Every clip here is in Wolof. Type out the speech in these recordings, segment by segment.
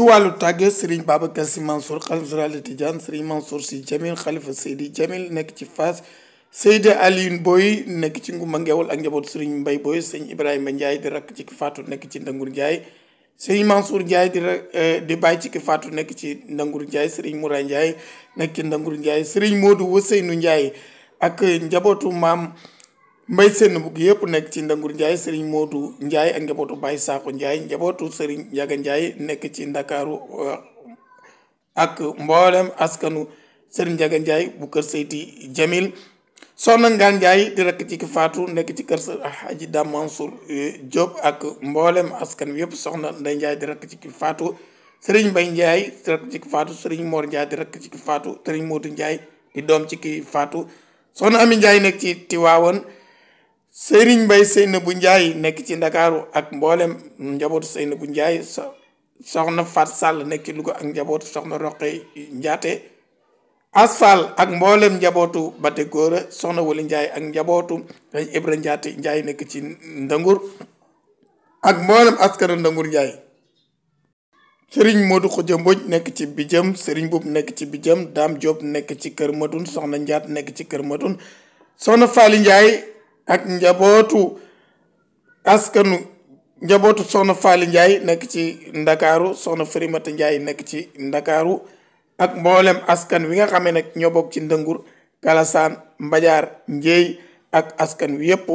ci wàllu tàggat Serigne Babacar Sy Mansour xalif général des Tidianes Serigne Mansour Sy Djamil xalifa Seydi Djamil nekk ci fas Seydi Alioune Boye nekk ci ngu Ngumba Ngeewal ak njabootu Serigne mbay Boye Serigne Ibrahima Ndiaye di rakk ci ki faatu nekk ci Ndangur Ndiaye Serigne Mansour Ndiaye di euh, di bàyyi ci faatu nekk ci Ndangur Ndiaye Serigne Moura Ndiaye nekk ci Ndiaye Serigne Modou Ousseynou Ndiaye ak njabootu maam. mbay seen bugg yëpp nekk ci Ndangur Ndiaye Serigne Modou Ndiaye ak njabootu Baye Sakho Ndiaye njabootu Serigne Ndiaga nekk ci Ndakaaru euh, ak mboolem askanu Serigne Ndiaga bu kër Seyti Jamil soxna Ngaan Ndiaye di rakk ci ki faatu nekk ci kër Hadji Dame euh, ak mboolem askan yëpp soxna Ndeye Ndiaye di rakk ci ki faatu Serigne Mbaye Ndiaye di rakk ci ki di faatu Serigne Modou Ndiaye doom ci ki faatu soxna Ami Ndiaye nekk ci Tiwaawoon sëriñ mbay bu njaay nekk ci ndakaaru ak mboolem njabootu Seynabou Ndiaye so soxna Fat Sall nekk ci Louga ak njabootu soxna Roqe Njaate asfal ak mboolem njabootu Bate Góora soxna Wali njaay ak njabootu dañ Ibra Njaate Ndiaye nekk ci Ndangur ak mboolem askara Ndangur njaay sëriñ Modou Khoudia Mbodj nekk ci Bijëm sëriñ Boub nekk ci Bijëm daam Diop nekk ci Kër Madoun soxna Njaat nekk ci Kër Madoun soxna Faali Ndiaye ak njabootu askanu njabootu soxna Faali Njaay nekk ci ndakaaru soxna Farimata Njaay nekk ci ndakaaru ak mboolem askan wi nga xamee nag ñoo bokk ci ndëngur kalasaan mbajaar njéey ak askan wi yépp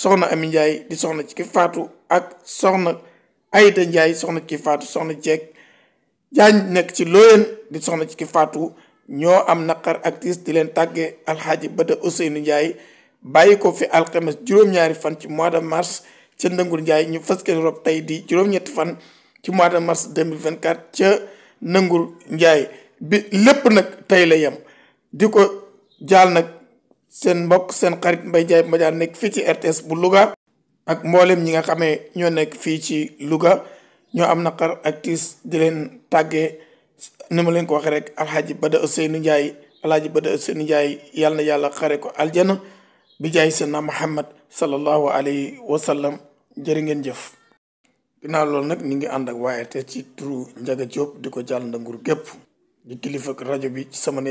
soxna Ami Njaay di soxna ci ki faatu ak soxna Ayda Njaay soxna ci ki faatu soxna jeeg jaañ nekk ci looyeen di soxna ci ki faatu ñoo am naqar ak di leen tàggee alxaaji Bada Ousseynou Njaay bàyyi ko fi alxames juróom-ñaari fan ci mois de mars ca Ndëngur Njaay ñu fas yéene rob tey di juróom-ñetti fan ci mois de mars 2024 ca Ndëngur Njaay bi lépp nag tey la yem di ko jaal nag seen mbokk seen xarit mbay Ndiaye Madiane nekk fii ci RTS bu Louga ak mboolem ñi nga xamee ñoo nekk fii ci Louga ñoo am naqar ak tiis di leen tàggee ni ma leen ko waxee rek alxaaji Bada Ousseynou Ndiaye alxaaji ba Ousseynou Ndiaye yàlla na yàlla xare ko aljana bi jaay na Muhammad sallallahu alayhi wa sallam jërë ngeen jëf ginnaaw loolu nag ñu ngi ànd ak waaye te ci turu Njaga Jóob di ko jàll ndangur gépp di kilifa rajo bi sama ne